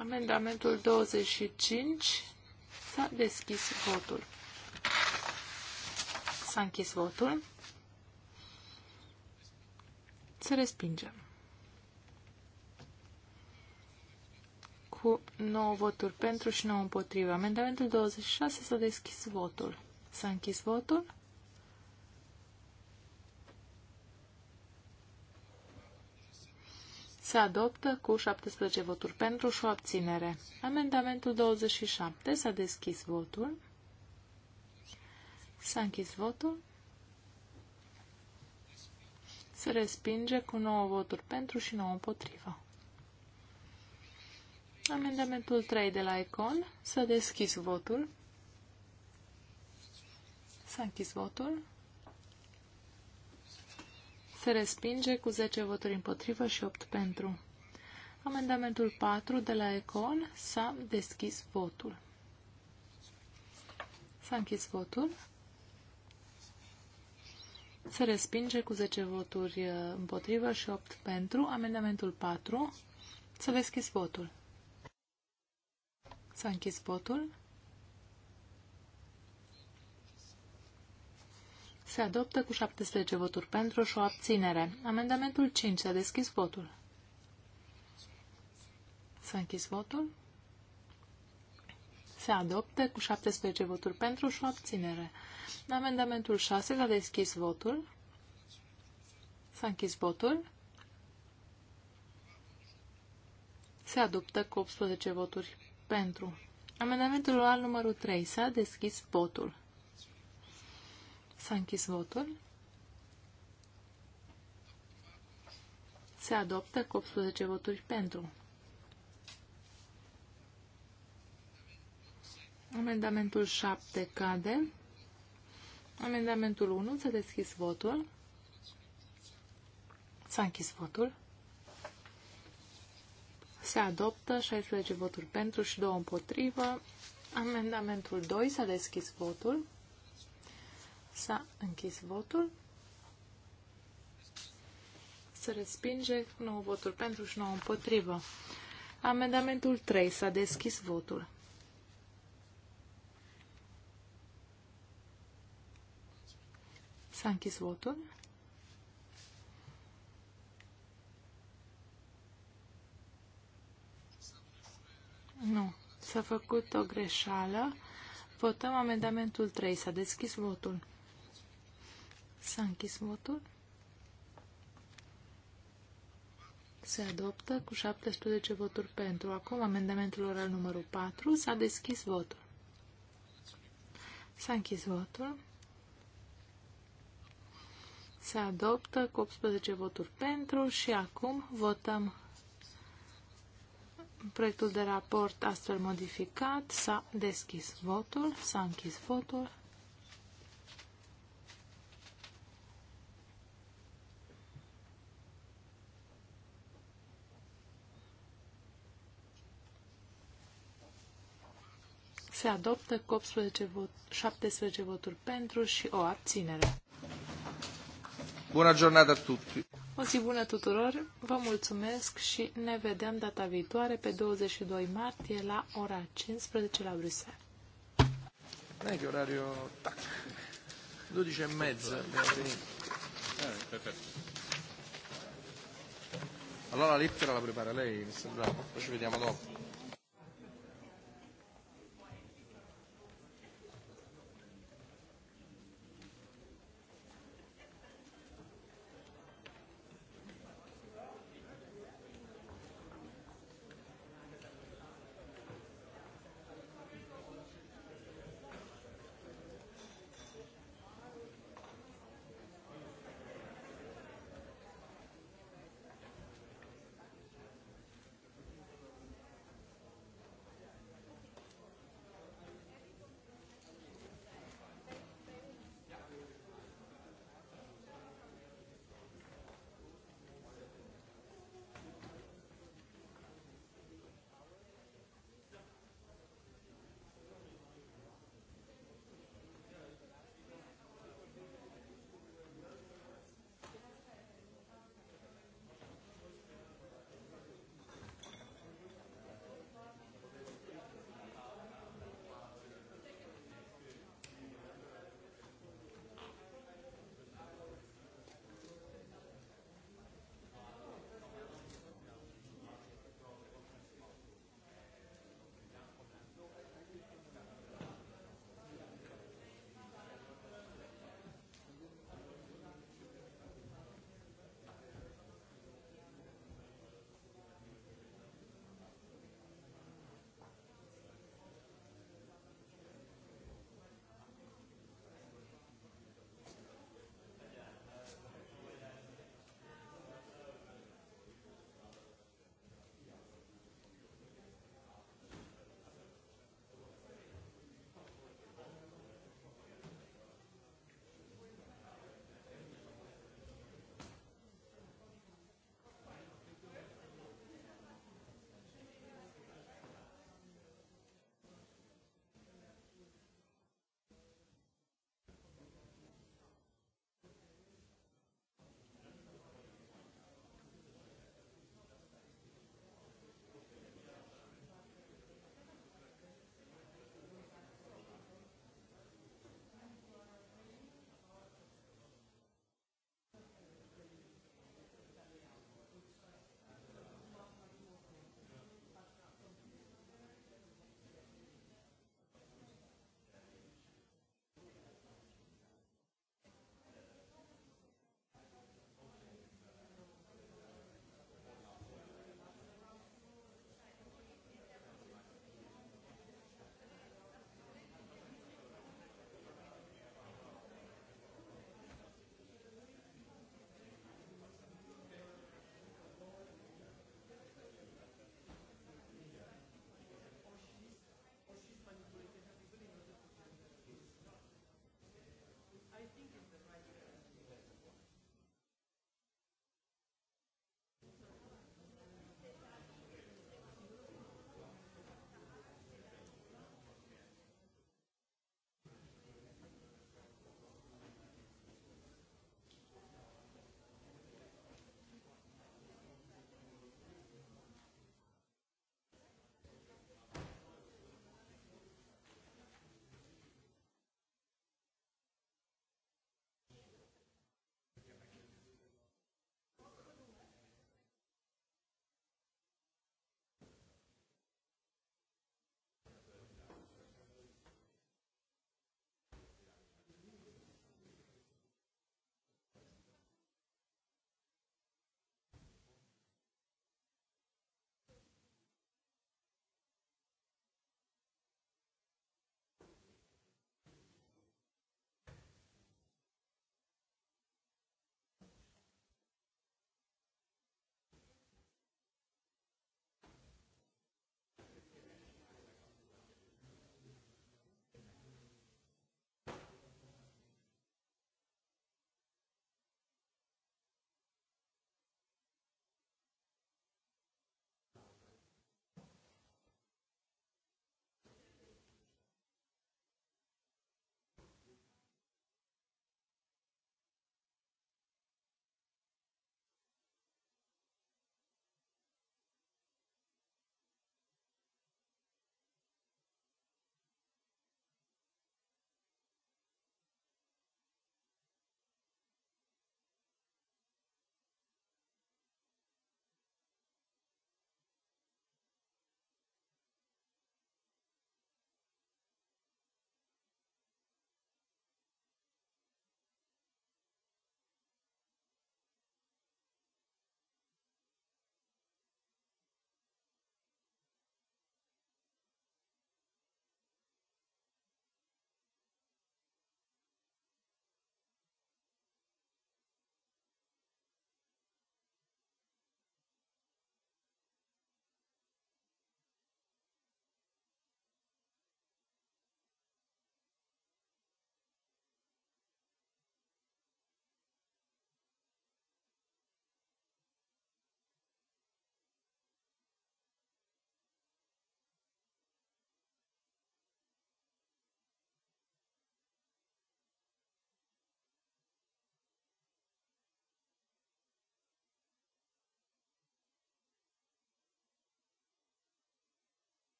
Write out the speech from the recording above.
Amendamentul 25. S-a deschis votul. S-a închis votul. Se respinge. Cu 9 voturi pentru și 9 împotriva. Amendamentul 26 s-a deschis votul. S-a închis votul. Se adoptă cu 17 voturi pentru și o abținere. Amendamentul 27. S-a deschis votul. S-a închis votul. Se respinge cu 9 voturi pentru și 9 împotriva. Amendamentul 3 de la ICON. S-a deschis votul. S-a închis votul se respinge cu 10 voturi împotrivă și 8 pentru. Amendamentul 4 de la Econ s-a deschis votul. S-a închis votul. Se respinge cu 10 voturi uh, împotrivă și 8 pentru. Amendamentul 4. s-a deschis votul. S-a închis votul. Se adoptă cu 17 voturi pentru și o abținere. Amendamentul 5. S-a deschis votul. S-a închis votul. Se adoptă cu 17 voturi pentru și o abținere. Amendamentul 6. S-a deschis votul. S-a închis votul. Se adoptă cu 18 voturi pentru. Amendamentul al numărul 3. S-a deschis votul. S-a închis votul. Se adoptă cu 18 voturi pentru. Amendamentul 7 cade. Amendamentul 1 s-a deschis votul. S-a închis votul. Se adoptă 16 voturi pentru și 2 împotrivă. Amendamentul 2 s-a deschis votul. S-a închis votul. Se respinge 9 voturi pentru și 9 împotrivă. Amendamentul 3. S-a deschis votul. S-a închis votul. Nu. S-a făcut o greșeală. Votăm amendamentul 3. S-a deschis votul. S-a închis votul. Se adoptă cu 17 voturi pentru. Acum amendamentul oral numărul 4. S-a deschis votul. S-a închis votul. Se adoptă cu 18 voturi pentru și acum votăm proiectul de raport astfel modificat. S-a deschis votul, s-a închis votul. se adoptă cu 18 vot, 17 voturi pentru și o abținere. Bună giornata tutti! O zi bună tuturor! Vă mulțumesc și ne vedem data viitoare pe 22 martie la ora 15 la Bruxelles. Nu che orario... Tac. 12 e mezza Allora la lettera la prepara lei, mi sembra, poi ci vediamo dopo.